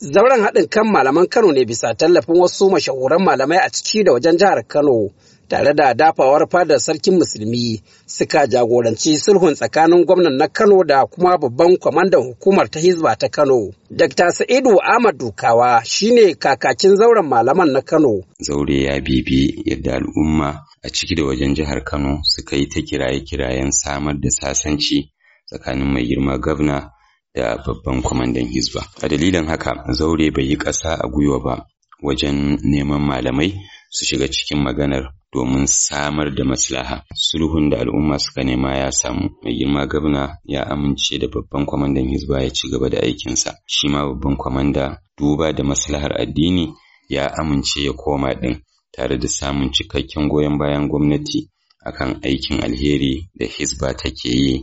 Zauren haɗin kan malaman Kano ne bisa tallafin wasu mashahuran malamai a ciki da wajen jihar Kano tare da dafawar fadar sarkin musulmi suka jagoranci sulhun tsakanin gwamnan na Kano da kuma babban kwamandan hukumar ta Hizba ta Kano. Dr. Sa'idu Ahmad Dukawa shine kakakin zauren malaman na Kano. Zaure ya bibi yadda al'umma a ciki da wajen jihar Kano suka yi ta kiraye-kirayen samar da sasanci tsakanin mai girma gwamna da babban kwamandan hizba a dalilin haka zaure bai yi ƙasa a gwiwa ba wajen neman malamai su shiga cikin maganar domin samar da maslaha sulhun da al'umma suka nema ya samu mai girma gabna ya amince da babban kwamandan hizba ya ci gaba da aikinsa shi ma babban kwamanda duba da maslahar addini ya amince ya koma ɗin tare da samun cikakken goyon bayan gwamnati akan aikin alheri da hizba take yi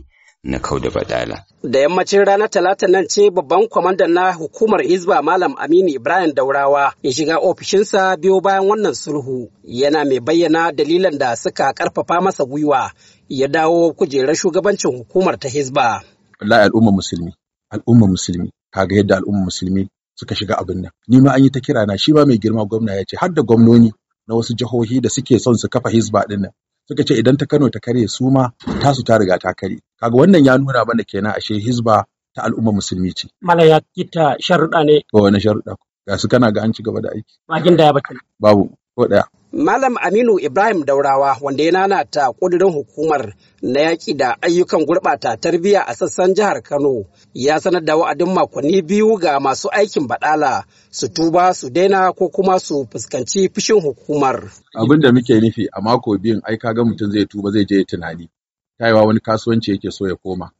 na kau da badala. Da yammacin ranar talata nan ce babban kwamandan na hukumar Izba Malam Aminu Ibrahim Daurawa ya shiga ofishinsa biyo bayan wannan sulhu yana mai bayyana dalilan da suka karfafa masa gwiwa ya dawo kujerar shugabancin hukumar ta Hizba. La al'umma musulmi, al'umma musulmi, kaga yadda al'umma musulmi suka shiga abin nan. Ni ma an yi ta kira na shi ba mai girma gwamna ya ce har da gwamnoni na wasu jihohi da suke son su kafa Hizba ɗin nan suka ce idan ta Kano ta karye su ma ta su ta riga ta karye kaga wannan ya nuna mana kenan ashe hizba ta al'umma musulmi ce mala ya kita sharuɗa ne ko wani sharuɗa ga su kana ga an ci gaba da aiki magin da ya bakin babu ko ɗaya Malam Aminu Ibrahim Daurawa wanda ya nanata ƙudurin hukumar na yaƙi da ayyukan gurɓata tarbiyya a sassan jihar Kano ya sanar da wa'adin makonni biyu ga masu aikin baɗala su tuba su daina ko kuma su fuskanci fushin hukumar. Abin da muke nufi a mako biyun ai ga mutum zai tuba zai je tunani. Tayewa wani kasuwanci yake so ya koma,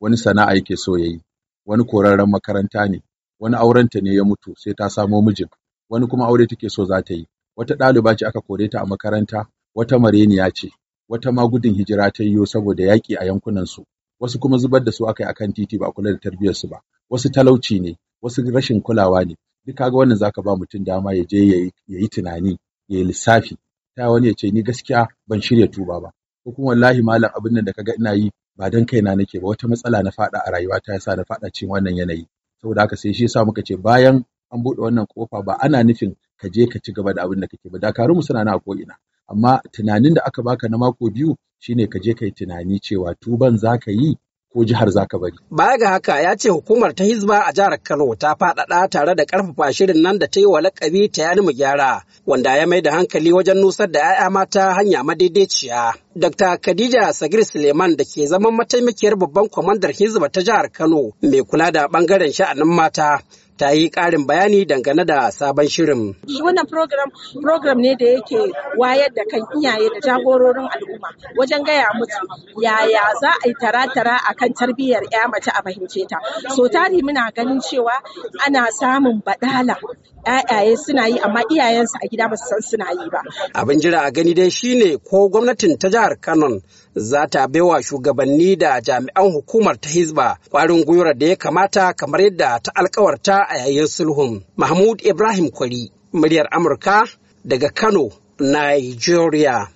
wani sana'a yake so ya yi, wani korarren makaranta ne, wani aurenta ne ya mutu sai ta samo mijin, wani kuma aure take so za ta yi. wata ɗaliba ce aka kore ta a makaranta wata mareniya ce wata ma gudun hijira ta yiwo saboda yaƙi a yankunan su wasu kuma zubar da su aka yi akan titi ba kula da tarbiyyar su ba wasu talauci ne wasu rashin kulawa ne duk kaga wannan zaka ba mutum dama ya je ya yi tunani ya yi lissafi ta wani ya ce ni gaskiya ban shirya tuba ba ko kuma wallahi malam abin nan da kaga ina yi ba dan kaina nake ba wata matsala na faɗa a rayuwa ta yasa na faɗa cikin wannan yanayi saboda haka sai shi yasa muka ce bayan an buɗe wannan kofa ba ana nufin ka je ka ci gaba da abin da kake ba dakarunmu suna na ko ina amma tunanin da aka baka na mako biyu shine ka je ka yi tunani cewa tuban za ka yi ko jihar za ka bari. Baya ga haka ya ce hukumar ta hizba a jihar Kano ta faɗaɗa tare da ƙarfafa shirin nan da ta yi wa lakabi ta yani mu gyara wanda ya mai da hankali wajen nusar da 'ya'ya mata hanya madaidaiciya. Dr. Khadija Sagir Suleiman da ke zaman mataimakiyar babban kwamandar hizba ta jihar Kano mai kula da ɓangaren sha'anin mata ta yi ƙarin bayani dangane da sabon shirin. Wannan program program ne da yake wayar da kan iyaye da jagororin al'umma wajen gaya musu yaya za a yi tara-tara a kan tarbiyyar ya mace a fahimce ta. So tari muna ganin cewa ana samun baɗala. 'ya'yaye suna yi amma iyayensu a gida basu san suna yi ba. Abin jira a gani dai shine ko gwamnatin ta jihar Kano za ta baiwa shugabanni da jami'an hukumar ta Hizba ƙwarin gwiwar da ya kamata kamar yadda ta alkawarta a yayin sulhun. Mahmud Ibrahim Kwari, muryar Amurka daga Kano, Nigeria.